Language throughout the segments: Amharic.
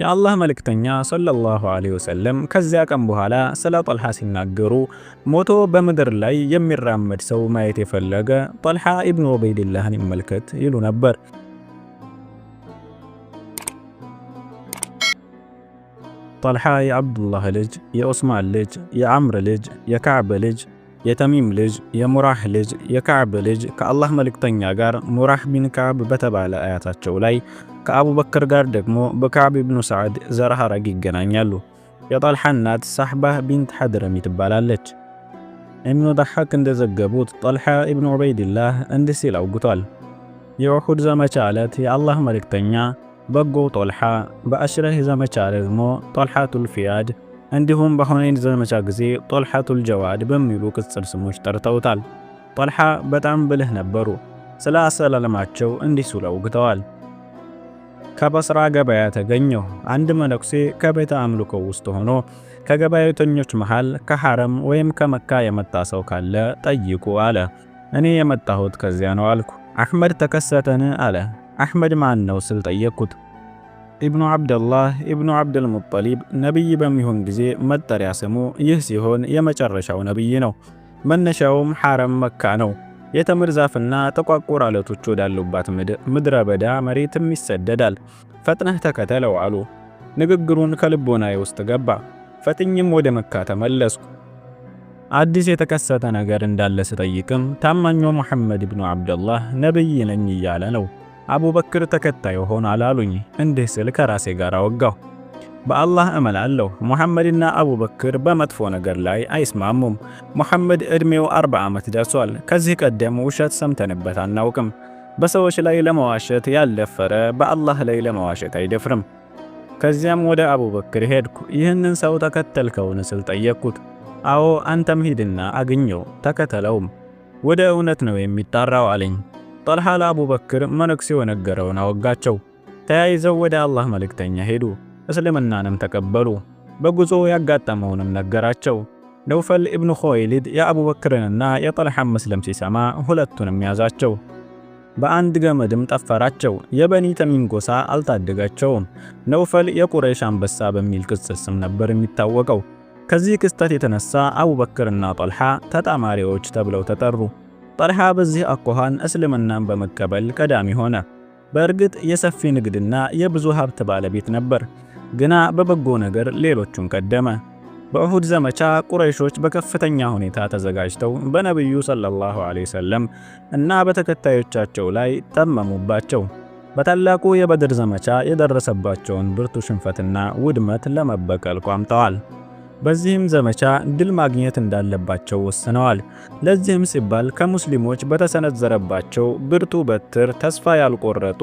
የአላህ መልእክተኛ ሰለላሁ ዐለይሂ ወሰለም ከዚያ ቀን በኋላ ስለ ጦልሃ ሲናገሩ ሞቶ በምድር ላይ የሚራመድ ሰው ማየት የፈለገ ጦልሃ ኢብኑ ዑበይድላህን ይመልከት ይሉ ነበር። ጦልሃ የአብዱላህ ልጅ፣ የዑስማን ልጅ፣ የአምር ልጅ፣ የካዕብ ልጅ የተሚም ልጅ የሙራህ ልጅ የካዕብ ልጅ ከአላህ መልእክተኛ ጋር ሙራህ ቢን ካዕብ በተባለ አያታቸው ላይ ከአቡበክር ጋር ደግሞ በካዕብ ብኑ ሰዓድ ዘር ሐረግ ይገናኛሉ። የጣልሓ እናት ሳሕባ ቢንት ሐድረሚ ትባላለች። እምኑ ዳሓክ እንደዘገቡት ጣልሓ እብኑ ዑበይድላህ እንዲህ ሲል አውግቷል። የውሑድ ዘመቻ ዕለት የአላህ መልእክተኛ በጎው ጦልሓ፣ በአሽረህ ዘመቻ ደግሞ ጦልሓቱል ፊያድ እንዲሁም በሁነይን ዘመቻ ጊዜ ጦልሐቱል ጀዋድ በሚሉ ቅጽል ስሞች ጠርተውታል። ጦልሓ በጣም ብልህ ነበሩ። ስለ አሰላለማቸው እንዲህ ሲሉ አውግተዋል። ከበስራ ገበያ ተገኘሁ። አንድ መነኩሴ ከቤተ አምልኮ ውስጥ ሆኖ ከገበያተኞች መሃል ከሐረም ወይም ከመካ የመጣ ሰው ካለ ጠይቁ አለ። እኔ የመጣሁት ከዚያ ነው አልኩ። አሕመድ ተከሰተን አለ። አሕመድ ማን ነው ስል ጠየቅኩት። ኢብኑ ዓብደላህ ኢብኑ ዓብደል ሙጠሊብ ነቢይ በሚሆን ጊዜ መጠሪያ ስሙ ይህ ሲሆን የመጨረሻው ነቢይ ነው። መነሻውም ሐረም መካ ነው። የተምር ዛፍና ጥቋቁር አለቶች ወዳሉባት ምድረ በዳ መሬትም ይሰደዳል። ፈጥነህ ተከተለው አሉ። ንግግሩን ከልቦናዬ ውስጥ ገባ። ፈጥኝም ወደ መካ ተመለስኩ። አዲስ የተከሰተ ነገር እንዳለ ስጠይቅም ታማኛው ሙሐመድ ኢብኑ ዓብደላህ ነቢይ ነኝ እያለ ነው። አቡበክር ተከታይ ሆናል አሉኝ። እንዲህ ስል ከራሴ ጋር አወጋሁ። በአላህ እምላለሁ ሙሐመድና አቡበክር በመጥፎ ነገር ላይ አይስማሙም። ሙሐመድ ዕድሜው አርባ ዓመት ደርሷል። ከዚህ ቀደም ውሸት ሰምተንበት አናውቅም። በሰዎች ላይ ለመዋሸት ያልደፈረ በአላህ ላይ ለመዋሸት አይደፍርም። ከዚያም ወደ አቡበክር ሄድኩ። ይህንን ሰው ተከተልከውን ስል ጠየቅኩት። አዎ አንተም ሂድና አግኘው ተከተለውም፣ ወደ እውነት ነው የሚጣራው አለኝ። ጠልሃ ለአቡበክር መነኩሴው የነገረውን አወጋቸው። ተያይዘው ወደ አላህ መልእክተኛ ሄዱ፣ እስልምናንም ተቀበሉ። በጉዞ ያጋጠመውንም ነገራቸው። ነውፈል ኢብኑ ኹወይሊድ የአቡበክርንና የጠልሃን መስለም ሲሰማ ሁለቱንም ያዛቸው፣ በአንድ ገመድም ጠፈራቸው። የበኒ ተሚም ጎሳ አልታደጋቸውም። ነውፈል የቁረይሽ አንበሳ በሚል ቅጽል ስም ነበር የሚታወቀው። ከዚህ ክስተት የተነሳ አቡበክርና ጠልሃ ተጣማሪዎች ተብለው ተጠሩ። ጠልሃ በዚህ አኳኋን እስልምናን በመቀበል ቀዳሚ ሆነ። በእርግጥ የሰፊ ንግድና የብዙ ሀብት ባለቤት ነበር፣ ግና በበጎ ነገር ሌሎቹን ቀደመ። በእሁድ ዘመቻ ቁረይሾች በከፍተኛ ሁኔታ ተዘጋጅተው በነቢዩ ሰለላሁ ዐለይሂ ወሰለም እና በተከታዮቻቸው ላይ ጠመሙባቸው። በታላቁ የበድር ዘመቻ የደረሰባቸውን ብርቱ ሽንፈትና ውድመት ለመበቀል ቋምጠዋል። በዚህም ዘመቻ ድል ማግኘት እንዳለባቸው ወስነዋል። ለዚህም ሲባል ከሙስሊሞች በተሰነዘረባቸው ብርቱ በትር ተስፋ ያልቆረጡ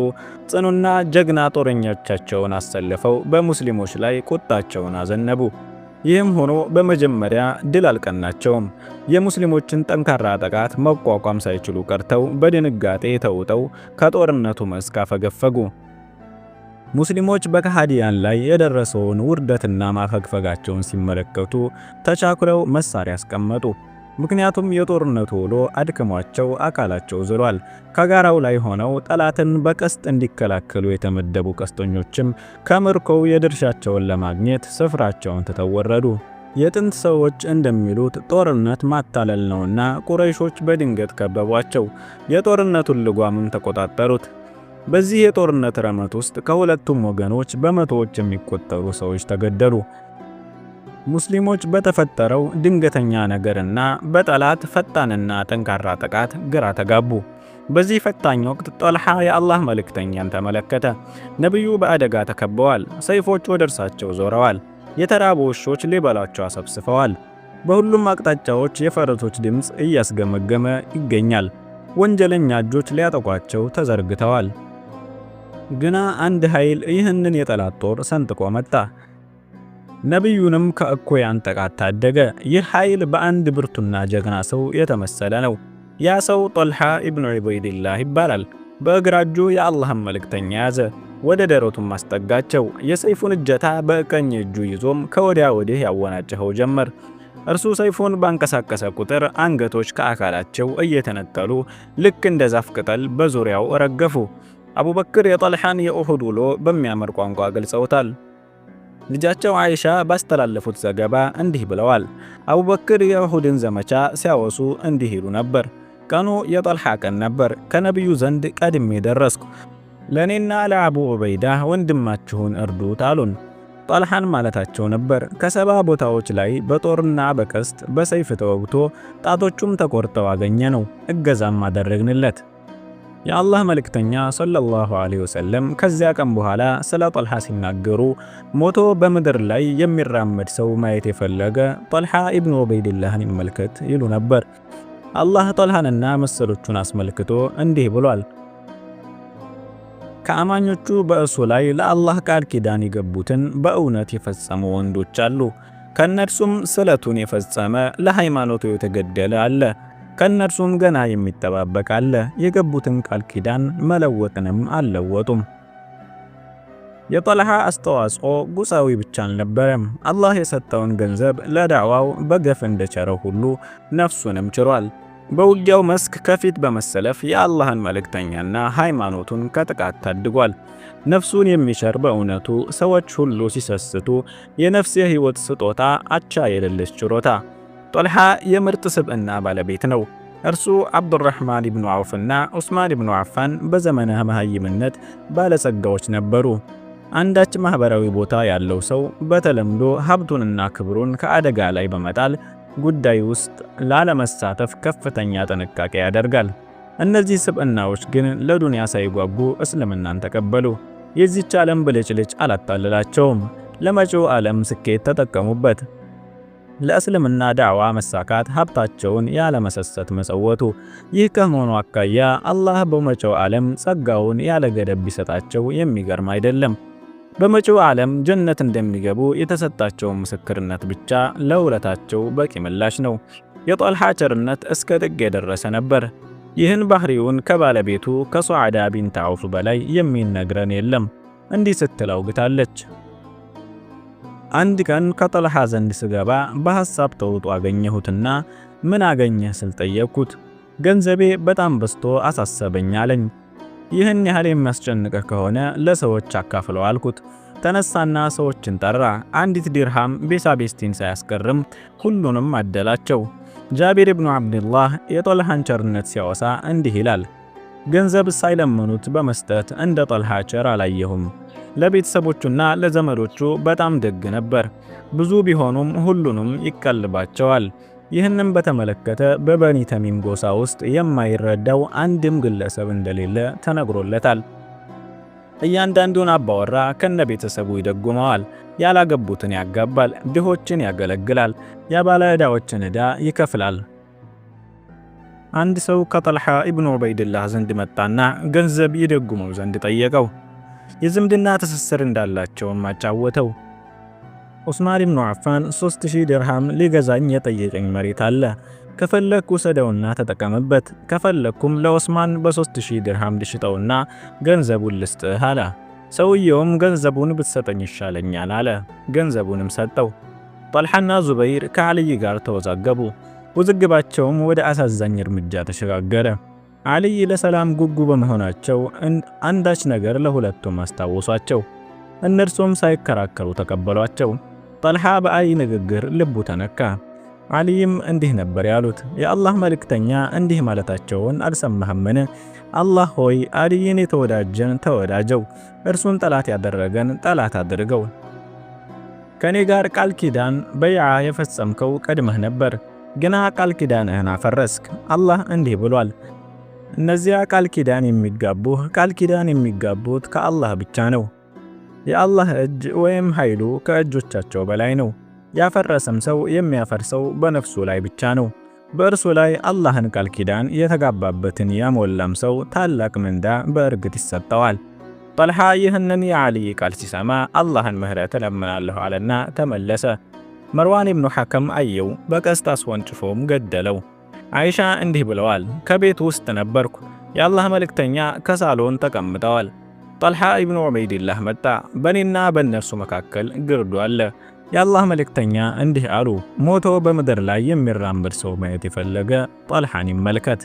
ጽኑና ጀግና ጦረኞቻቸውን አሰልፈው በሙስሊሞች ላይ ቁጣቸውን አዘነቡ። ይህም ሆኖ በመጀመሪያ ድል አልቀናቸውም። የሙስሊሞችን ጠንካራ ጥቃት መቋቋም ሳይችሉ ቀርተው በድንጋጤ ተውጠው ከጦርነቱ መስክ አፈገፈጉ። ሙስሊሞች በከሃዲያን ላይ የደረሰውን ውርደትና ማፈግፈጋቸውን ሲመለከቱ ተቻኩለው መሳሪያ አስቀመጡ። ምክንያቱም የጦርነቱ ውሎ አድክሟቸው አካላቸው ዝሏል። ከጋራው ላይ ሆነው ጠላትን በቀስት እንዲከላከሉ የተመደቡ ቀስተኞችም ከምርኮው የድርሻቸውን ለማግኘት ስፍራቸውን ትተው ወረዱ። የጥንት ሰዎች እንደሚሉት ጦርነት ማታለል ነውና ቁረይሾች በድንገት ከበቧቸው። የጦርነቱን ልጓምም ተቆጣጠሩት። በዚህ የጦርነት ረመት ውስጥ ከሁለቱም ወገኖች በመቶዎች የሚቆጠሩ ሰዎች ተገደሉ። ሙስሊሞች በተፈጠረው ድንገተኛ ነገርና በጠላት ፈጣንና ጠንካራ ጥቃት ግራ ተጋቡ። በዚህ ፈታኝ ወቅት ጦልሓ የአላህ መልእክተኛን ተመለከተ። ነቢዩ በአደጋ ተከበዋል። ሰይፎች ወደ እርሳቸው ዞረዋል። የተራቡ ውሾች ሊበላቸው አሰብስፈዋል። በሁሉም አቅጣጫዎች የፈረቶች ድምፅ እያስገመገመ ይገኛል። ወንጀለኛ እጆች ሊያጠቋቸው ተዘርግተዋል። ግና አንድ ኃይል ይህንን የጠላት ጦር ሰንጥቆ መጣ። ነቢዩንም ከእኩያን ጥቃት ታደገ። ይህ ኃይል በአንድ ብርቱና ጀግና ሰው የተመሰለ ነው። ያ ሰው ጦልሓ ኢብኑ ዑበይድላህ ይባላል። በእግራጁ እጁ የአላህን መልእክተኛ ያዘ፣ ወደ ደረቱም አስጠጋቸው። የሰይፉን እጀታ በቀኝ እጁ ይዞም ከወዲያ ወዲህ ያወናጭኸው ጀመር። እርሱ ሰይፉን ባንቀሳቀሰ ቁጥር አንገቶች ከአካላቸው እየተነጠሉ ልክ እንደ ዛፍ ቅጠል በዙሪያው ረገፉ። አቡበክር የጠልሓን የኡሁድ ውሎ በሚያምር ቋንቋ ገልጸውታል። ልጃቸው አይሻ ባስተላለፉት ዘገባ እንዲህ ብለዋል። አቡበክር የኡሁድን ዘመቻ ሲያወሱ እንዲህ ይሉ ነበር። ቀኑ የጠልሓ ቀን ነበር። ከነቢዩ ዘንድ ቀድሜ ደረስኩ። ለእኔና ለአቡ ዑበይዳ ወንድማችሁን እርዱት አሉን። ጠልሓን ማለታቸው ነበር። ከሰባ ቦታዎች ላይ በጦርና በቀስት በሰይፍ ተወግቶ ጣቶቹም ተቆርጠው አገኘ ነው። እገዛም አደረግንለት። የአላህ መልእክተኛ ሰለላሁ ዐለይሂ ወሰለም ከዚያ ቀን በኋላ ስለ ጦልሃ ሲናገሩ ሞቶ በምድር ላይ የሚራመድ ሰው ማየት የፈለገ ጦልሃ ኢብኑ ዑበይድላህን ይመልከት ይሉ ነበር። አላህ ጦልሃንና መሰሎቹን አስመልክቶ እንዲህ ብሏል። ከአማኞቹ በእሱ ላይ ለአላህ ቃል ኪዳን የገቡትን በእውነት የፈጸሙ ወንዶች አሉ። ከእነርሱም ስለቱን የፈጸመ ለሃይማኖቱ የተገደለ አለ። ከእነርሱም ገና የሚጠባበቅ አለ። የገቡትን ቃል ኪዳን መለወጥንም አልለወጡም። የጠልሃ አስተዋጽኦ ጉሳዊ ብቻ አልነበረም። አላህ የሰጠውን ገንዘብ ለዳዕዋው በገፍ እንደቸረው ሁሉ ነፍሱንም ችሯል። በውጊያው መስክ ከፊት በመሰለፍ የአላህን መልእክተኛና ሃይማኖቱን ከጥቃት ታድጓል። ነፍሱን የሚሸር በእውነቱ ሰዎች ሁሉ ሲሰስቱ የነፍስ የህይወት ስጦታ አቻ የሌለች ችሮታ ጦልሃ የምርጥ ስብዕና ባለቤት ነው። እርሱ አብዱራህማን ብኑ ዐውፍና ዑስማን ብኑ ዐፋን በዘመነ መሃይምነት ባለጸጋዎች ነበሩ። አንዳች ማኅበራዊ ቦታ ያለው ሰው በተለምዶ ሀብቱንና ክብሩን ከአደጋ ላይ በመጣል ጉዳይ ውስጥ ላለመሳተፍ ከፍተኛ ጥንቃቄ ያደርጋል። እነዚህ ስብዕናዎች ግን ለዱንያ ሳይጓጉ እስልምናን ተቀበሉ። የዚች ዓለም ብልጭልጭ አላታለላቸውም። ለመጪው ዓለም ስኬት ተጠቀሙበት። ለእስልምና ዳዕዋ መሳካት ሀብታቸውን ያለመሰሰት መጸወቱ። ይህ ከመሆኑ አኳያ አላህ በመጪው ዓለም ጸጋውን ያለ ገደብ ቢሰጣቸው የሚገርም አይደለም። በመጪው ዓለም ጀነት እንደሚገቡ የተሰጣቸውን ምስክርነት ብቻ ለውለታቸው በቂ ምላሽ ነው። የጦልሃ ቸርነት እስከ ጥግ የደረሰ ነበር። ይህን ባህሪውን ከባለቤቱ ከሱዓዳ ቢንት አውፍ በላይ የሚነግረን የለም። እንዲህ ስትል አውግታለች። አንድ ቀን ከጠልሃ ዘንድ ስገባ በሐሳብ ተውጦ አገኘሁትና ምን አገኘህ ስል ጠየቅኩት። ገንዘቤ በጣም በዝቶ አሳሰበኝ አለኝ። ይህን ያህል የሚያስጨንቅህ ከሆነ ለሰዎች አካፍለው አልኩት። ተነሳና ሰዎችን ጠራ። አንዲት ዲርሃም ቤሳቤስቲን ሳያስገርም፣ ሁሉንም አደላቸው። ጃቢር ብኑ ዓብድላህ የጦልሃን ቸርነት ሲያወሳ እንዲህ ይላል፣ ገንዘብ ሳይለመኑት በመስጠት እንደ ጦልሃ ቸር አላየሁም። ለቤተሰቦቹና ለዘመዶቹ በጣም ደግ ነበር። ብዙ ቢሆኑም ሁሉንም ይቀልባቸዋል። ይህንም በተመለከተ በበኒ ተሚም ጎሳ ውስጥ የማይረዳው አንድም ግለሰብ እንደሌለ ተነግሮለታል። እያንዳንዱን አባወራ ከነ ቤተሰቡ ይደጉመዋል። ያላገቡትን ያጋባል፣ ድሆችን ያገለግላል፣ የባለ ዕዳዎችን ዕዳ ይከፍላል። አንድ ሰው ከጠልሓ ኢብኑ ዑበይድላህ ዘንድ መጣና ገንዘብ ይደጉመው ዘንድ ጠየቀው። የዝምድና ትስስር እንዳላቸውን ማጫወተው። ዑስማን ብኑ አፋን 3000 ድርሃም ሊገዛኝ የጠየቀኝ መሬት አለ ከፈለኩ ውሰደውና ተጠቀምበት፣ ከፈለኩም ለዑስማን በ3000 ድርሃም ልሽጠውና ገንዘቡን ልስጥህ አለ። ሰውየውም ገንዘቡን ብትሰጠኝ ይሻለኛል አለ። ገንዘቡንም ሰጠው። ጣልሓና ዙበይር ከዓልይ ጋር ተወዛገቡ። ውዝግባቸውም ወደ አሳዛኝ እርምጃ ተሸጋገረ። አልይ ለሰላም ጉጉ በመሆናቸው አንዳች ነገር ለሁለቱም አስታወሷቸው። እነርሱም ሳይከራከሩ ተቀበሏቸው። ጠልሃ በአልይ ንግግር ልቡ ተነካ። አልይም እንዲህ ነበር ያሉት፣ የአላህ መልእክተኛ እንዲህ ማለታቸውን አልሰማህምን? አላህ ሆይ አልይን የተወዳጀን ተወዳጀው፣ እርሱን ጠላት ያደረገን ጠላት አድርገው። ከኔ ጋር ቃል ኪዳን በይዓ የፈጸምከው ቀድመህ ነበር፣ ግና ቃል ኪዳንህን አፈረስክ። አላህ እንዲህ ብሏል እነዚያ ቃል ኪዳን የሚጋቡህ ቃል ኪዳን የሚጋቡት ከአላህ ብቻ ነው። የአላህ እጅ ወይም ኃይሉ ከእጆቻቸው በላይ ነው። ያፈረሰም ሰው የሚያፈርሰው በነፍሱ ላይ ብቻ ነው። በእርሱ ላይ አላህን ቃል ኪዳን የተጋባበትን ያሞላም ሰው ታላቅ ምንዳ በእርግጥ ይሰጠዋል። ጠልሓ ይህንን የዓልይ ቃል ሲሰማ አላህን ምህረት እለምናለሁ አለና ተመለሰ። መርዋን ኢብኑ ሐከም አየው፣ በቀስት አስወንጭፎም ገደለው። አይሻ እንዲህ ብለዋል፣ ከቤት ውስጥ ነበርኩ። የአላህ መልእክተኛ ከሳሎን ተቀምጠዋል። ጠልሓ ኢብኑ ዑበይድላህ መጣ። በእኔና በእነርሱ መካከል ግርዶ አለ። የአላህ መልእክተኛ እንዲህ አሉ፣ ሞቶ በምድር ላይ የሚራመድ ሰው ማየት የፈለገ ጠልሓን ይመልከት።